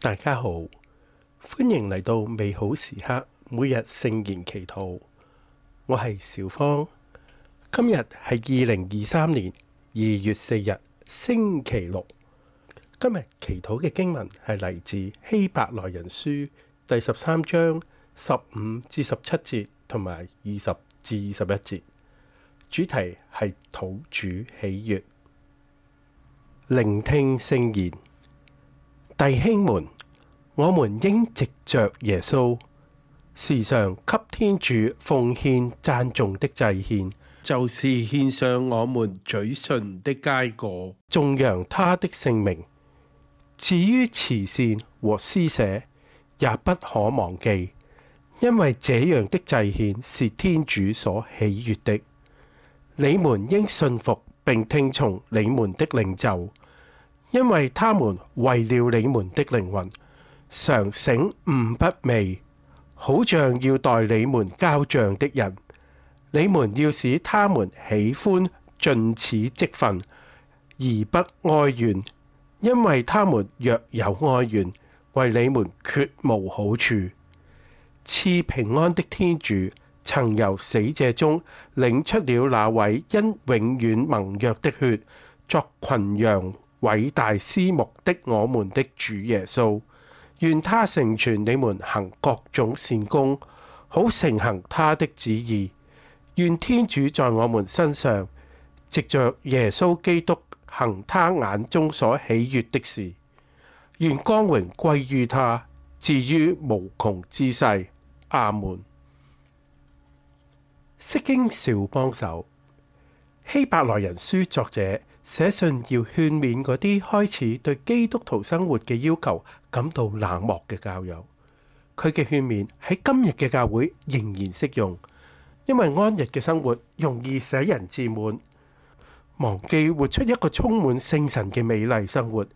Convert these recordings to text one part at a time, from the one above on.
大家好，歡迎嚟到美好時刻每日聖言祈禱。我係小芳，今日係二零二三年二月四日星期六。今日祈禱嘅經文係嚟自希伯來人書第十三章十五至十七節同埋二十至二十一節，主題係討主喜悅，聆聽聖言。弟兄們，我們應藉着耶穌，時常給天主奉獻讚頌的祭獻，就是獻上我們嘴唇的佳果，頌揚他的聖名。至於慈善和施捨，也不可忘記，因為這樣的祭獻是天主所喜悅的。你們應信服並聽從你們的領袖。因為他們為了你們的靈魂，常醒寤不寐，好像要代你們交賬的人。你們要使他們喜歡盡此職分，而不哀怨，因為他們若有哀怨，為你們決無好處。賜平安的天主曾由死者中領出了那位因永遠盟約的血作群羊。偉大司牧的我們的主耶穌，願他成全你們行各種善功，好成行他的旨意。願天主在我們身上，藉着耶穌基督行他眼中所喜悅的事，願光榮歸於他，至於無窮之世。阿門。釋經小幫手，希伯來人書作者。寫信要勸勉嗰啲開始對基督徒生活嘅要求感到冷漠嘅教友，佢嘅勸勉喺今日嘅教會仍然適用，因為安逸嘅生活容易使人自滿，忘記活出一個充滿聖神嘅美麗生活。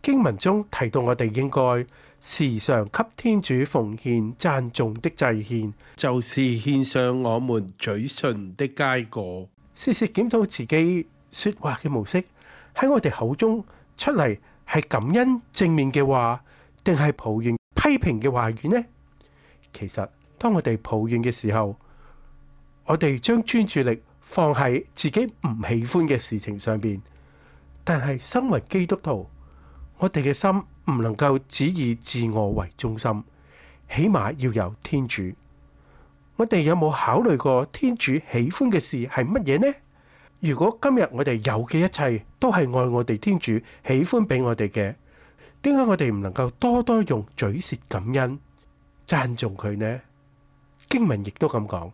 經文中提到，我哋應該時常給天主奉獻讚頌的祭獻，就是獻上我們嘴唇的佳果。時時檢討自己。說話嘅模式，喺我哋口中出嚟，係感恩、正面嘅話，定係抱怨批評嘅話語呢？其實當我哋抱怨嘅時候，我哋將專注力放喺自己唔喜歡嘅事情上面。但係身為基督徒，我哋嘅心唔能夠只以自我為中心，起碼要有天主。我哋有冇考慮過天主喜歡嘅事係乜嘢呢？如果今日我哋有嘅一切都係愛我哋天主喜歡俾我哋嘅，點解我哋唔能夠多多用嘴唇感恩讚頌佢呢？經文亦都咁講，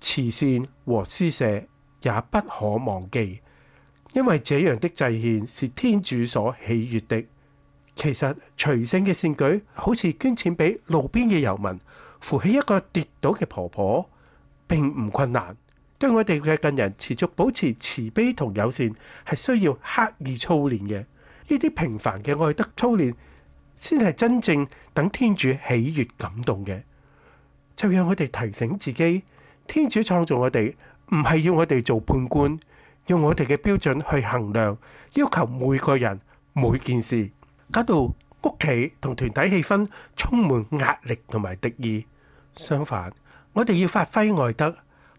慈善和施捨也不可忘記，因為這樣的祭獻是天主所喜悅的。其實隨性嘅善舉，好似捐錢俾路邊嘅游民，扶起一個跌倒嘅婆婆，並唔困難。對我哋嘅近人持續保持慈悲同友善，係需要刻意操練嘅。呢啲平凡嘅愛德操練，先係真正等天主喜悅感動嘅。就讓我哋提醒自己，天主創造我哋，唔係要我哋做判官，用我哋嘅標準去衡量，要求每個人每件事，搞到屋企同團體氣氛充滿壓力同埋敵意。相反，我哋要發揮愛德。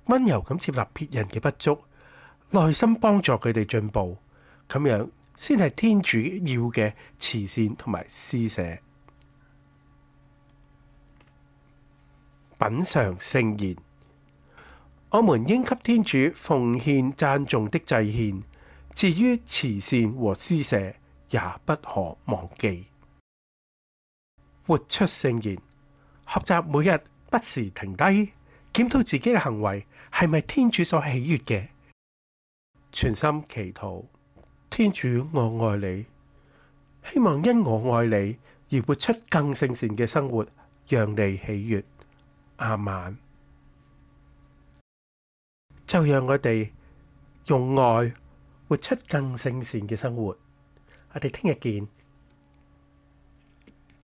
溫柔咁接納別人嘅不足，耐心幫助佢哋進步，咁樣先係天主要嘅慈善同埋施捨。品嚐聖言，我們應給天主奉獻讚頌的祭獻，至於慈善和施捨，也不可忘記。活出聖言，學習每日不時停低。檢討自己嘅行為係咪天主所喜悅嘅？全心祈禱，天主我愛你，希望因我愛你而活出更聖善嘅生活，讓你喜悅。阿們，就讓我哋用愛活出更聖善嘅生活。我哋聽日見。